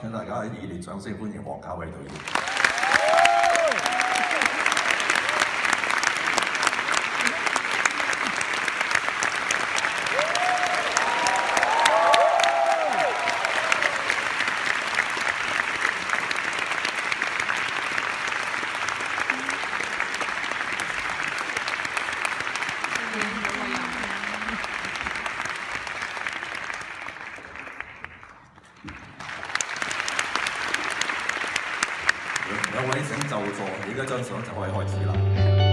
請大家以熱烈掌聲歡迎王家衛導演。有位請就座，依家張相就可以開始啦。